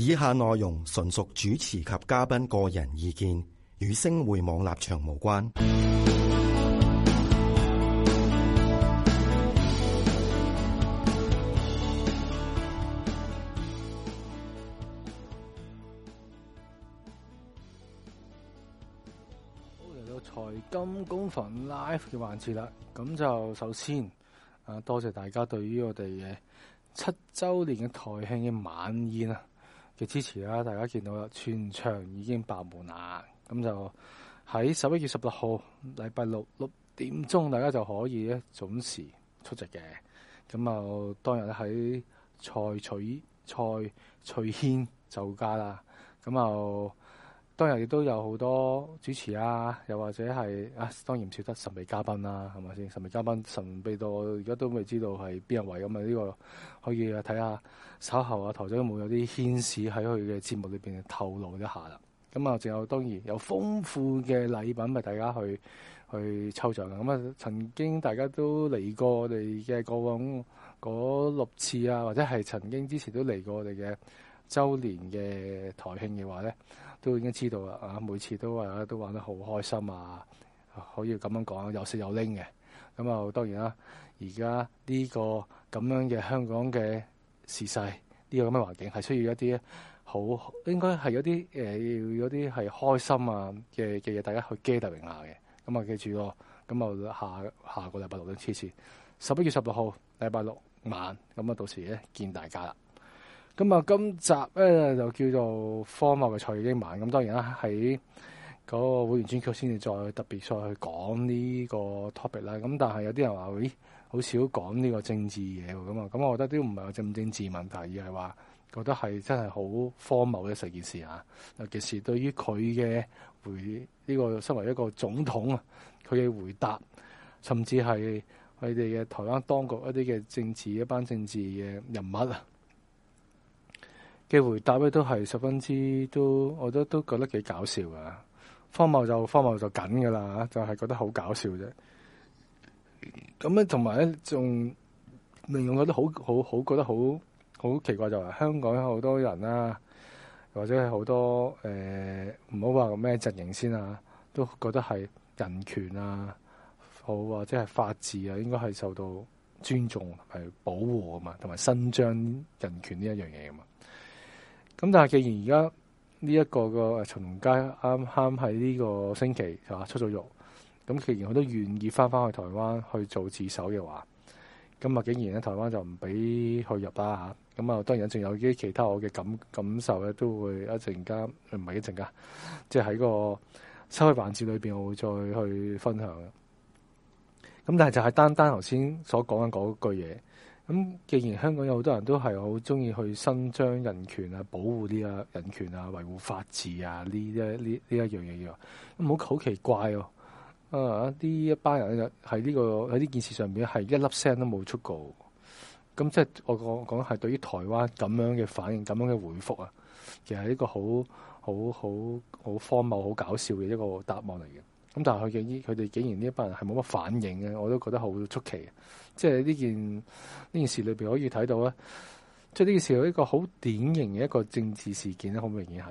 以下內容純屬主持及嘉賓個人意見，與星匯網立場無關。好，嚟到財金工房 live 嘅環節啦，咁就首先啊，多謝大家對於我哋嘅七周年嘅台慶嘅晚宴啊。嘅支持啦，大家見到啦，全場已經爆滿啦，咁就喺十一月十六號禮拜六六點鐘，大家就可以咧準時出席嘅，咁啊當日喺蔡翠蔡翠軒酒家啦，咁啊。當日亦都有好多主持啊，又或者係啊，當然唔少得神秘嘉賓啦、啊，係咪先？神秘嘉賓神秘到我而家都未知道係邊一位咁啊！呢、嗯這個可以睇下稍後啊，台長有冇有啲牽示喺佢嘅節目裏邊透露一下啦。咁、嗯、啊，仲有當然有豐富嘅禮品，咪大家去去抽獎。咁、嗯、啊，曾經大家都嚟過我哋嘅過往嗰六次啊，或者係曾經之前都嚟過我哋嘅周年嘅台慶嘅話咧。都已經知道啦，啊！每次都話啊，都玩得好開心啊，可以咁樣講，有食有拎嘅。咁啊，當然啦，而家呢個咁樣嘅香港嘅時勢，呢、呢個咁嘅環境係需要一啲好，應該係、呃、有啲要有啲係開心啊嘅嘅嘢，大家去 gather 下嘅。咁啊，記住咯，咁啊，下個就下個禮拜六都黐線，十一月十六號禮拜六晚，咁啊，到時咧見大家啦。咁啊，今集咧就叫做荒謬嘅蔡英文。咁當然啦，喺嗰個會員專區先至再特別再去講呢個 topic 啦。咁但係有啲人話：咦、欸，好少講呢個政治嘢。咁啊，咁、嗯、我覺得都唔係話政唔政治問題，而係話覺得係真係好荒謬嘅成件事啊。尤其是對於佢嘅回呢、呢個身為一個總統啊，佢嘅回答，甚至係佢哋嘅台灣當局一啲嘅政治一班政治嘅人物啊。嘅回答咧，都係十分之都，我都都覺得幾搞笑噶荒謬就荒謬就緊噶啦，就係、是、覺得好搞笑啫。咁咧，同埋咧，仲令我覺得好好好，覺得好好奇怪就係、是、香港有好多人啦、啊，或者係好多誒，唔好話咩陣營先啊，都覺得係人權啊，好或者係法治啊，應該係受到尊重同保護啊嘛，同埋伸張人權呢一樣嘢啊嘛。咁但係既然而家呢一個個陳同佳啱啱喺呢個星期出咗獄，咁既然佢都願意翻翻去台灣去做自首嘅話，咁啊竟然喺台灣就唔俾佢入啦吓。咁啊當然仲有啲其他我嘅感感受咧都會一陣間唔係一陣間，即係喺個收尾環節裏面我會再去分享嘅。咁但係就係單單頭先所講嘅嗰句嘢。咁既然香港有好多人都係好中意去伸張人權啊、保護呢啊人權啊、維護法治啊呢一呢呢一樣嘢嘅，咁好好奇怪哦、啊！啊，呢一班人喺呢、呢個喺呢件事上邊係一粒聲都冇出過，咁即係我講講係對於台灣咁樣嘅反應、咁樣嘅回覆啊，其實係一個好好好好荒謬、好搞笑嘅一個答案嚟嘅。咁但係佢佢哋竟然呢一班人係冇乜反應嘅，我都覺得好出奇。即係呢件呢件事裏邊可以睇到咧，即係呢件事有一個好典型嘅一個政治事件咧，好明顯係，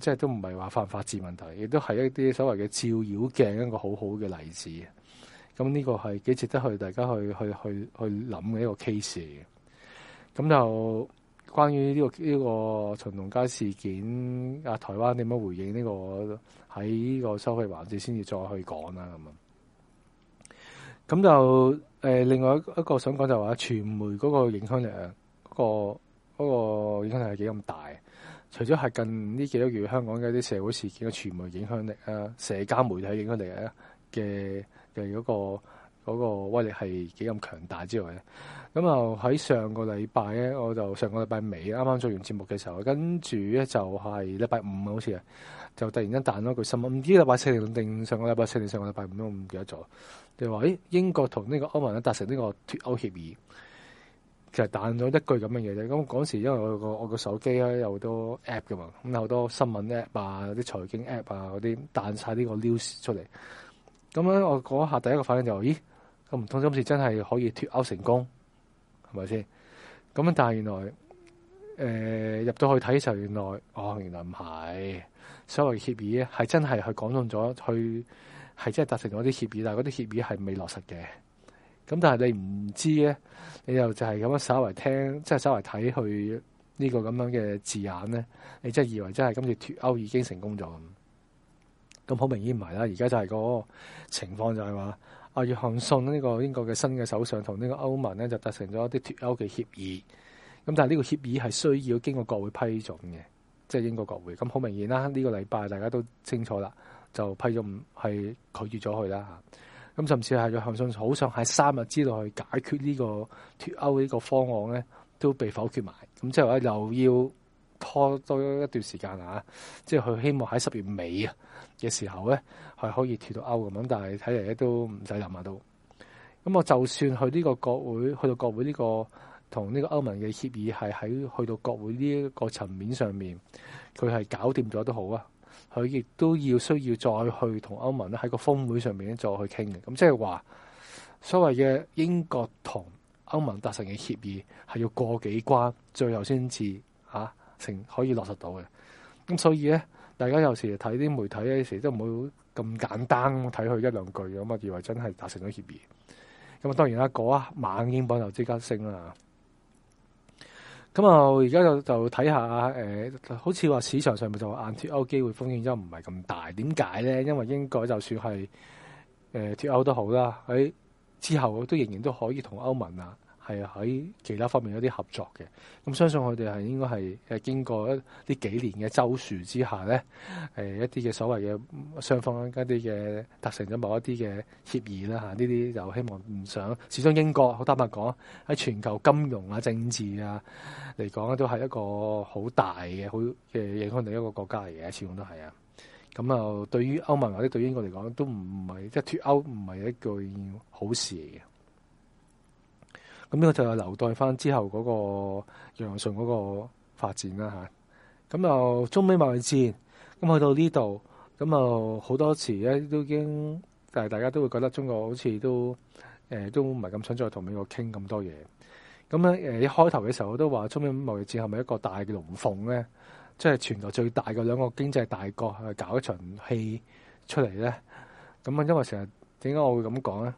即係都唔係話犯法治問題，亦都係一啲所謂嘅照妖鏡，一個好好嘅例子。咁呢個係幾值得去大家去去去去諗嘅一個 case 嚟嘅。咁就。關於呢、這個呢、這個陳同佳事件啊，台灣點樣回應呢、這個喺呢個收費環節先至再去講啦咁啊。咁就誒、呃，另外一一個想講就話，傳媒嗰個影響力，啊，嗰、那個嗰、那個，影響力係幾咁大。除咗係近呢幾多月香港嘅一啲社會事件嘅傳媒影響力啊，社交媒體嘅影響力啊嘅嘅嗰個，嗰個威力係幾咁強大之外呢，咧，咁啊喺上個禮拜咧，我就上個禮拜尾啱啱做完節目嘅時候，跟住咧就係禮拜五，好似啊，就突然間彈一彈咗句新聞，唔知禮拜四定上個禮拜四定上，上個禮拜五都唔記得咗，你話誒英國同呢個歐盟咧達成呢個脱歐協議，其實彈咗一句咁嘅嘢啫。咁嗰時因為我個我個手機咧有好多 app 噶嘛，咁有好多新聞 app 啊、啲財經 app 啊嗰啲彈晒呢個 news 出嚟，咁呢，我嗰下第一個反應就話咦～咁唔通今次真係可以脱歐成功，係咪先？咁但係原來，呃，入到去睇時候，原來哦，原來唔係所謂協議，係真係去講中咗，去係真係達成咗啲協議，但係嗰啲協議係未落實嘅。咁但係你唔知咧，你又就係咁樣稍為聽，即係稍為睇去呢個咁樣嘅字眼咧，你真係以為真係今次脱歐已經成功咗。咁好明顯唔係啦，而家就係個情況就係話。阿約翰遜呢個英國嘅新嘅首相同呢個歐盟呢，就達成咗一啲脫歐嘅協議，咁但係呢個協議係需要經過國會批准嘅，即係英國國會。咁好明顯啦，呢個禮拜大家都清楚啦，就批准係拒絕咗佢啦嚇。咁甚至係阿約翰遜好想喺三日之內去解決呢個脫歐呢個方案呢，都被否決埋。咁之後咧又要拖多一段時間啊，即係佢希望喺十月尾啊嘅時候咧。係可以脫到歐嘅，咁，但係睇嚟咧都唔使諗啊都。咁我就算去呢個國會，去到國會呢個同呢個歐盟嘅協議係喺去到國會呢一個層面上面，佢係搞掂咗都好啊。佢亦都要需要再去同歐盟咧喺個峰會上面再去傾嘅。咁即係話所謂嘅英國同歐盟達成嘅協議係要過幾關，最後先至、啊、成可以落實到嘅。咁所以咧，大家有時睇啲媒體咧時都唔會。咁簡單睇佢一兩句咁啊，我以為真係達成咗協議。咁啊，當然啦，嗰晚英鎊就即刻升啦。咁啊，而家就就睇下誒，好似話市場上面就硬脫歐機會風險都唔係咁大。點解咧？因為英國就算係誒脫歐都好啦，喺之後都仍然都可以同歐盟啊。係喺其他方面有啲合作嘅，咁相信佢哋係應該係誒經過一啲幾年嘅周旋之下咧，誒一啲嘅所謂嘅雙方一啲嘅達成咗某一啲嘅協議啦嚇，呢啲就希望唔想。始終英國好坦白講，喺全球金融啊、政治啊嚟講咧，都係一個好大嘅好嘅影響到一個國家嚟嘅，始終都係啊。咁啊，對於歐盟或者對於英國嚟講，都唔係即係脱歐唔係一件好事嚟嘅。咁呢個就係留待翻之後嗰個楊順嗰個發展啦吓，咁又中美貿易戰。咁去到呢度，咁就好多次咧都已經，但係大家都會覺得中國好似都、欸、都唔係咁想再同美國傾咁多嘢。咁呢，一開頭嘅時候我都話中美貿易戰係咪一個大嘅龍鳳咧，即係全球最大嘅兩個經濟大國去搞一場戲出嚟咧。咁啊，因為成日點解我會咁講咧？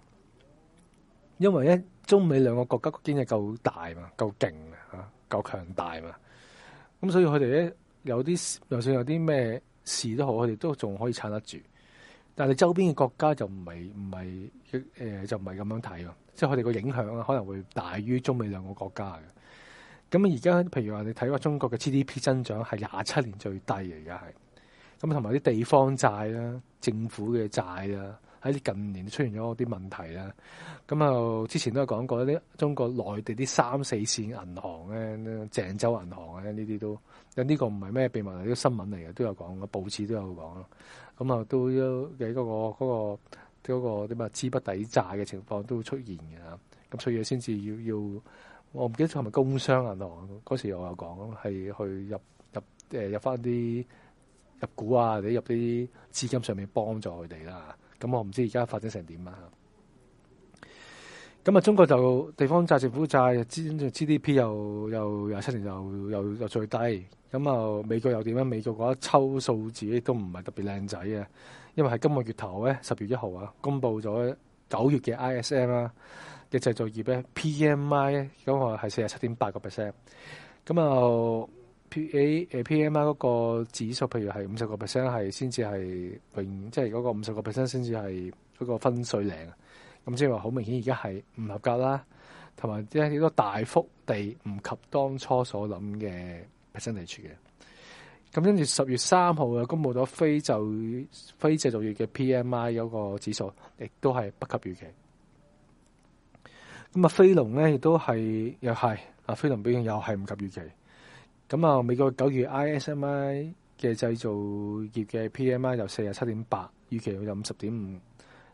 因為呢。中美兩個國家個經濟夠大嘛，夠勁啊，嚇夠強大嘛，咁所以佢哋咧有啲，就算有啲咩事都好，佢哋都仲可以撐得住。但係周邊嘅國家就唔係唔係誒，就唔係咁樣睇喎，即係佢哋個影響啊，可能會大於中美兩個國家嘅。咁而家譬如話，你睇個中國嘅 GDP 增長係廿七年最低嚟嘅，而家係咁同埋啲地方債啦、政府嘅債啦。喺近年出現咗啲問題啦。咁啊，之前都有講過啲中國內地啲三四線銀行咧，鄭州銀行啊，呢啲都有呢、呢個唔係咩秘密，呢個新聞嚟嘅，都有講嘅，報紙都有講咁啊，都有喺、嗰、嗰個嗰、嗰個嗰、嗰個點啊，嗰個資、不抵債嘅情況都出現嘅。咁所以先至要要我唔記得係咪工商銀行嗰時我，我有講係去入入誒入翻啲入股啊，或者入啲資金上面幫助佢哋啦。咁我唔知而家發展成點啊！咁啊，中國就地方債、政府債、GDP 又又又七年又又又最低。咁啊，美國又點啊？美國嗰一抽數字都唔係特別靚仔啊，因為喺今個月頭咧，十月一號啊，公布咗九月嘅 ISM 啦，嘅製造業咧 PMI 咁啊，係四十七點八個 percent。咁啊～PA，是是就是，P A 誒 P M I 嗰個指數，譬如係五十個 percent 係先至係榮，即係嗰個五十個 percent 先至係嗰個分水嶺。咁即係話好明顯，而家係唔合格啦。同埋啲好多大幅地唔及當初所諗嘅 percentage 嘅。咁跟住十月三號又公布咗非就非製造業嘅 P M I 有個指數，亦都係不及預期。咁啊，非農咧亦都係又係啊，非農表現又係唔及預期。咁啊，美國九月 ISMI 嘅製造業嘅 PMI 就四十七點八，預期佢就五十點五，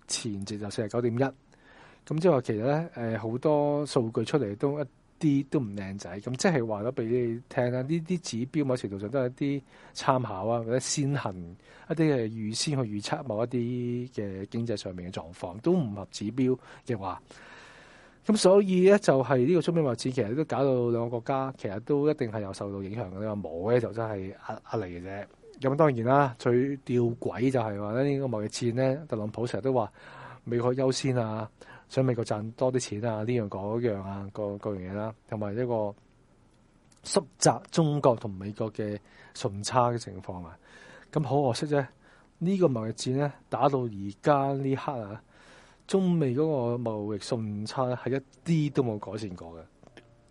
前值就四十九點一。咁即係話其實咧，誒好多數據出嚟都一啲都唔靚仔。咁即係話咗俾你聽啦，呢啲指標某程度上都係一啲參考啊，或者先行一啲嘅預先去預測某一啲嘅經濟上面嘅狀況，都唔合指標嘅話。咁所以咧，就係呢個中美貿易戰，其實都搞到兩個國家，其實都一定係有受到影響嘅。你話冇咧，就真係壓力嘅啫。咁當然啦，最吊詭就係話咧，呢個貿易戰咧，特朗普成日都話美國優先啊，想美國賺多啲錢啊，呢樣嗰樣，樣，樣啊，各各樣嘢啦，同埋一個縮窄中國同美國嘅順差嘅情況啊。咁好可惜啫、啊，呢、呢個貿易戰咧打到而家呢刻啊！中美嗰個貿易順差係一啲都冇改善過嘅，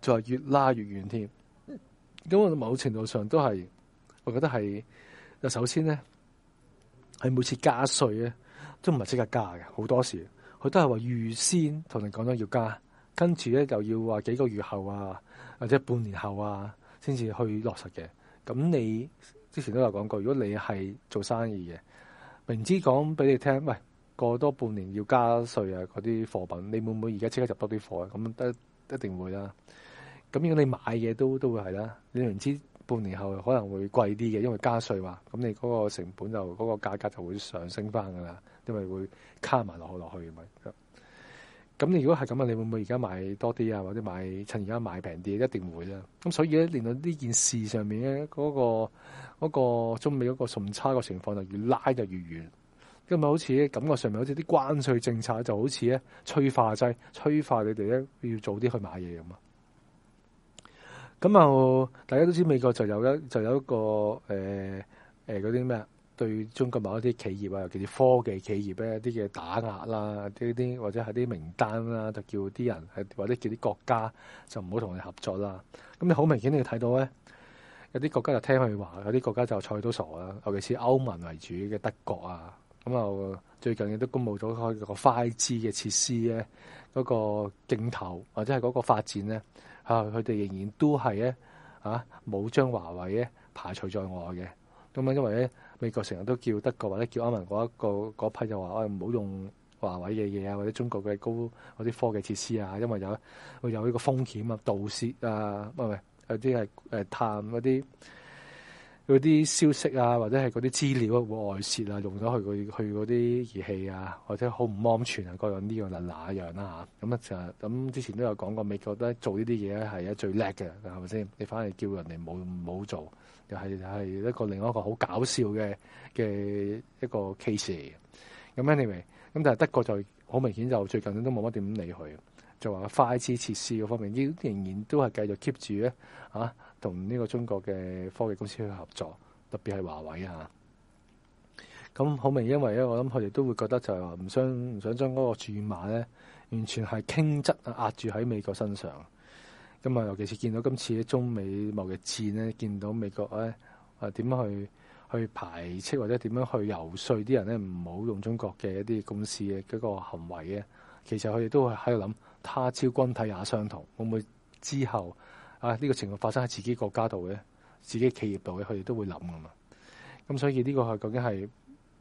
就係越拉越遠添。咁我某程度上都係，我覺得係。首先呢，係每次加稅呢，都唔係即刻加嘅，好多時佢都係話預先同你講咗要加，跟住呢又要話幾個月後啊，或者半年後啊，先至去落實嘅。咁你之前都有講過，如果你係做生意嘅，明知講俾你聽，喂。過多半年要加稅啊！嗰啲貨品，你會唔會而家即刻入多啲貨啊？咁一一定會啦。咁如果你買嘢都都會係啦，你明知半年後可能會貴啲嘅，因為加稅話，咁你嗰個成本就嗰、嗰個價格就會上升翻㗎啦，因為會卡埋落去落去咁樣，咁你如果係咁啊，你會唔會而家買多啲啊？或者買趁而家買平啲，一定會啦。咁所以咧，令到呢件事上面咧，嗰、嗰個嗰、嗰個、中美嗰個順差個情況就越拉就越，越遠。咁咪好似感覺上面好似啲關稅政策就好似咧催化劑，催化你哋咧要早啲去買嘢咁啊。咁啊，大家都知美國就有一就有一個誒誒嗰啲咩對中國某一啲企業啊，尤其啲科技企業咧一啲嘅打壓啦，啲啲或者係啲名單啦，就叫啲人或者叫啲國家就唔好同佢合作啦。咁你好明顯你睇到咧，有啲國家就聽佢話，有啲國家就睬佢都傻啦。尤其是歐盟為主嘅德國啊。咁啊，最近亦都公佈咗佢個快智嘅設施咧，嗰、嗰個鏡頭或者係嗰個發展咧，嚇佢哋仍然都係咧嚇冇將華為咧排除在外嘅。咁啊，因為咧美國成日都叫德國或者叫歐盟嗰一個嗰批就話，唔、哎、好用華為嘅嘢啊，或者中國嘅高啲科技設施啊，因為有會有呢個風險啊、盜竊啊，唔係有啲係誒探嗰啲。嗰啲消息啊，或者係嗰啲資料啊，會外泄啊，用咗去嗰啲儀器啊，或者好唔安全啊，各樣呢樣，樣，樣、啊、那那樣啦，咁咧就咁之前都有講過，美國咧做呢啲嘢咧係啊最叻嘅，係咪先？你反而叫人哋冇唔好做，又係係一個另外一個好搞笑嘅嘅一個 case 嚟嘅。咁 anyway，咁但係德國就好明顯就最近都冇乜點理佢，就話快子設施嗰方面仍然都係繼續 keep 住咧同呢個中國嘅科技公司去合作，特別係華為啊。咁好明顯，因為咧，我諗佢哋都會覺得就係話唔想唔想將嗰個注碼咧，完全係傾側啊壓住喺美國身上。咁啊，尤其是見到今次啲中美貿易戰咧，見到美國咧，啊點樣去去排斥或者點樣去游説啲人咧唔好用中國嘅一啲公司嘅嗰個行為咧，其實佢哋都會喺度諗，他朝軍體也相同，會唔會之後？啊！呢個情況發生喺自己國家度嘅，自己企業度嘅，佢哋都會諗噶嘛。咁所以呢個係究竟係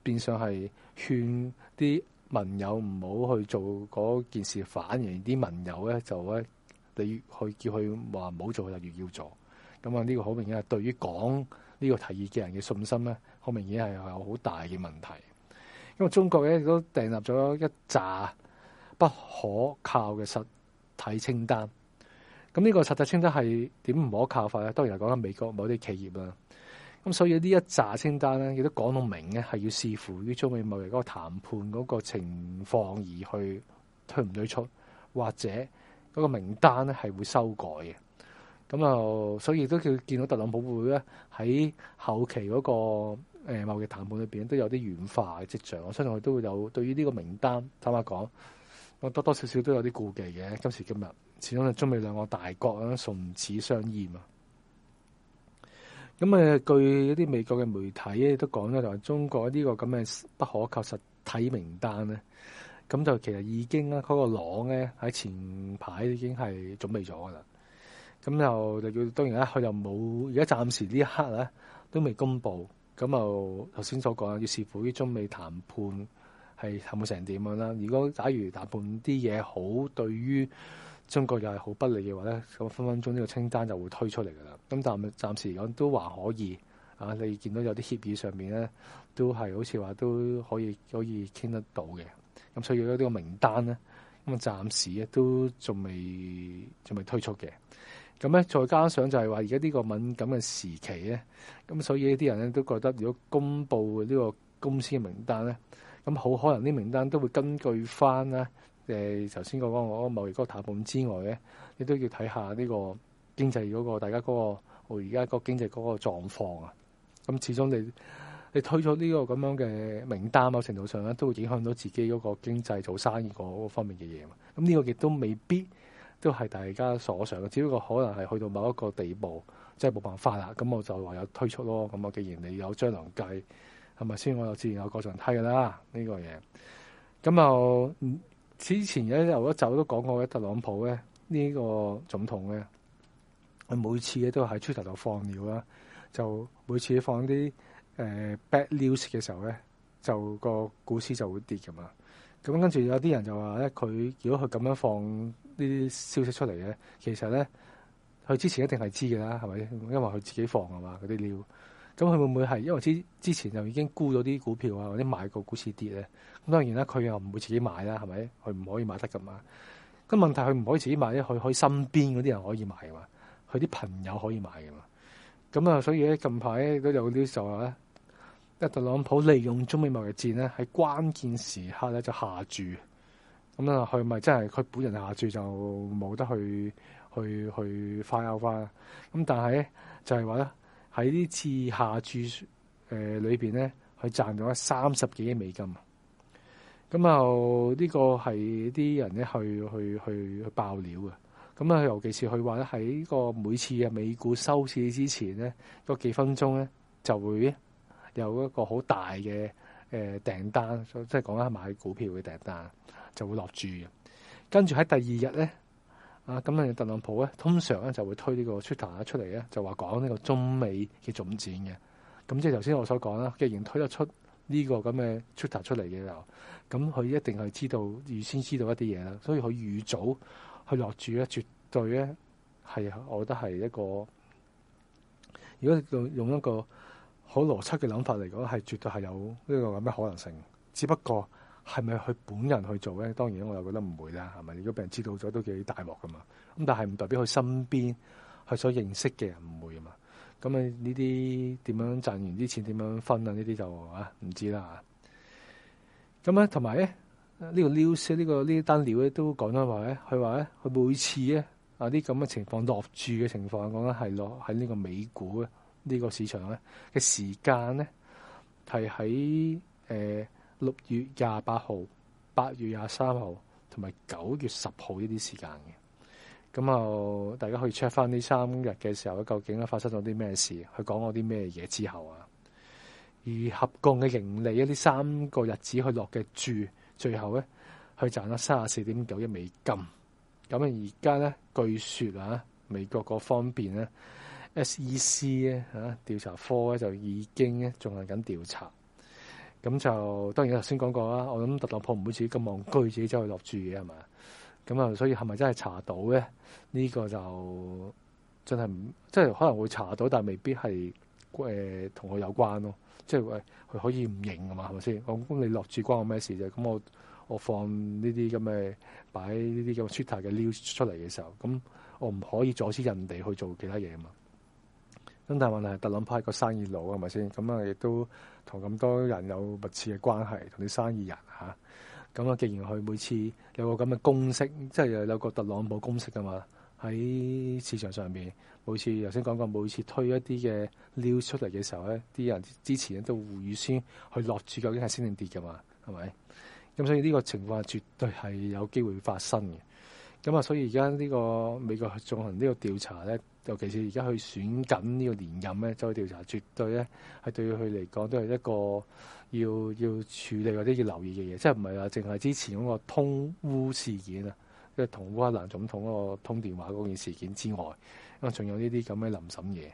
變相係勸啲盟友唔好去做嗰件事，反而啲盟友咧就咧，你去叫佢話唔好做，佢就越要做。咁啊，呢個好明顯係對於講呢個提議嘅人嘅信心咧，好明顯係有好大嘅問題。因為中國咧都訂立咗一紮不可靠嘅實體清單。咁呢個實體清單係點唔可靠法咧？當然係講緊美國某啲企業啦。咁所以呢一紮清單咧，亦都講到明呢，係要視乎於中美貿易嗰個談判嗰個情況而去推唔推出，或者嗰個名單咧係會修改嘅。咁啊，所以亦都叫見到特朗普會咧喺後期嗰個誒貿易談判裏邊都有啲軟化嘅跡象。我相信佢都會有對於呢個名單坦白講，我多多少少都有啲顧忌嘅。今時今日。始終係中美兩個大國啊，唇齒相依嘛。咁啊，據一啲美國嘅媒體咧都講咗，就話中國呢個咁嘅不可靠實體名單咧，咁就其實已經咧嗰、嗰個網咧喺前排已經係準備咗噶啦。咁就就叫當然啦，佢就冇而家暫時呢一刻咧都未公布。咁就頭先所講要視乎於中美談判係談冇成點樣啦。如果假如談判啲嘢好，對於中國又係好不利嘅話咧，咁分分鐘呢個清單就會推出嚟噶啦。咁但係暫時嚟講都還可以啊！你見到有啲協議上面咧，都係好似話都可以可以傾得到嘅。咁所以呢個名單咧，咁啊暫時咧都仲未仲未推出嘅。咁咧再加上就係話而家呢個敏感嘅時期咧，咁所以呢啲人咧都覺得如果公布呢個公司嘅名單咧，咁好可能啲名單都會根據翻咧。誒，頭先講嗰個貿易嗰個談判之外咧，你都要睇下呢個經濟嗰、那個大家嗰、那個而家個經濟嗰個狀況啊。咁、嗯、始終你你推出呢個咁樣嘅名單，某程度上咧都會影響到自己嗰個經濟做生意個嗰方面嘅嘢嘛。咁、嗯、呢、這個亦都未必都係大家所想嘅，只不過可能係去到某一個地步，即係冇辦法啦。咁、嗯、我就話有推出咯。咁、嗯、我既然你有張良計，係咪先？我有自然有過牆梯㗎啦。呢、這個嘢咁又。嗯嗯嗯之前咧有一集都講過咧，特朗普咧呢、呢個總統咧，佢每次嘅都喺 Twitter 度放料啦，就每次放啲誒、呃、bad news 嘅時候咧，就個股市就會跌噶嘛。咁跟住有啲人就話咧，佢如果佢咁樣放呢啲消息出嚟咧，其實咧佢之前一定係知噶啦，係咪？因為佢自己放啊嘛，嗰啲料。咁佢會唔會係因為之之前就已經沽咗啲股票啊，或者買過股市跌咧？咁當然啦，佢又唔會自己買啦，係咪？佢唔可以買得噶嘛？咁問題佢唔可以自己買咧，佢可以身邊嗰啲人可以買嘛？佢啲朋友可以買噶嘛？咁啊，所以咧近排咧都有啲時候咧，特朗普利用中美貿易戰咧喺關鍵時刻咧就下注，咁啊，佢咪真係佢本人下注就冇得去去去 find out 翻？咁但係就係話咧。喺呢次下注誒裏邊咧，佢賺咗三十幾億美金。咁啊，呢個係啲人咧去去去去爆料嘅。咁啊，尤其是佢話咧，喺呢個每次嘅美股收市之前咧，嗰幾分鐘咧就會有一個好大嘅誒、呃、訂單，即係講緊係買股票嘅訂單，就會落注。跟住喺第二日咧。啊，咁咧，特朗普咧，通常咧就會推，個推呢個 Twitter 出嚟咧，就話講呢個中美嘅總戰嘅。咁即係頭先我所講啦，既然推得出呢個咁嘅 Twitter 出嚟嘅時候，咁佢一定係知道預先知道一啲嘢啦，所以佢預早去落注咧，絕對咧係，我覺得係一個，如果用用一個好邏輯嘅諗法嚟講，係絕對係有呢個咁嘅可能性，只不過。係咪佢本人去做咧？當然我又覺得唔會啦，係咪？如果俾人知道咗都幾大鑊噶嘛。咁但係唔代表佢身邊佢所認識嘅人唔會啊嘛。咁啊，呢啲點樣賺完啲錢點樣分啊？呢啲就啊唔知啦，咁啊同埋咧呢個 news 呢個呢單料咧都講咗話咧，佢話咧佢每次咧啊啲咁嘅情況落注嘅情況講緊係落喺呢個美股嘅呢個市場咧嘅時間咧係喺誒。六月廿八號、八月廿三號同埋九月十號呢啲時間嘅，咁啊，大家可以 check 翻呢三日嘅時候，究竟咧發生咗啲咩事，佢講咗啲咩嘢之後啊？而合共嘅盈利一啲三個日子去落嘅注，最後咧，去賺咗三十四點九億美金。咁啊，而家咧，據說啊，美國嗰方面咧，SEC 咧吓調查科咧就已經咧進行緊調查。咁就當然我頭先講過啦，我諗特朗普唔會自己咁望居自己走去落注嘅係嘛？咁啊，所以係咪真係查到咧？呢、呢個就真係唔，即係可能會查到，但未必係誒同佢有關咯。即係喂，佢、哎、可以唔認㗎嘛？係咪先？咁你落注關我咩事啫？咁我我放呢啲咁嘅擺呢啲咁 Twitter 嘅 news 出嚟嘅時候，咁我唔可以阻止人哋去做其他嘢啊嘛。咁大問題係特朗普個生意佬係咪先？咁啊，亦都同咁多人有密切嘅關係，同啲生意人嚇。咁啊，既然佢每次有個咁嘅公式，即係有個特朗普公式㗎嘛，喺市場上面每次頭先講過，每次推一啲嘅料出嚟嘅時候咧，啲人之前都會預先去落注，究竟係升定跌㗎嘛？係咪？咁所以呢個情況絕對係有機會發生嘅。咁啊，所以而家呢個美國去進行呢個調查咧，尤其是而家去選緊呢個連任咧，再去調查，絕對咧係對佢嚟講都係一個要要處理或者要留意嘅嘢，即係唔係話淨係之前嗰個通烏事件啊，即係同烏克蘭總統嗰個通電話嗰件事件之外，咁仲有呢啲咁嘅臨審嘢。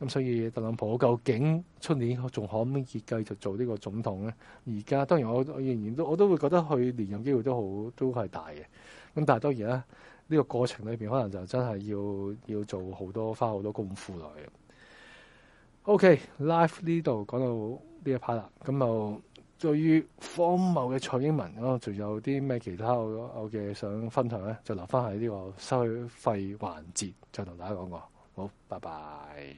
咁所以特朗普究竟出年仲可唔可以繼續做呢個總統咧？而家當然我，我仍然都我都會覺得佢連任機會都好都係大嘅。咁但係當然啦。呢個過程裏面，可能就真係要要做好多花好多功夫來嘅。OK，Life、okay，呢度講到呢一 part 啦，咁就對於荒謬嘅蔡英文，我仲有啲咩其他我嘅想分享咧，就留返喺呢個收費環節，再同大家講過。好，拜拜。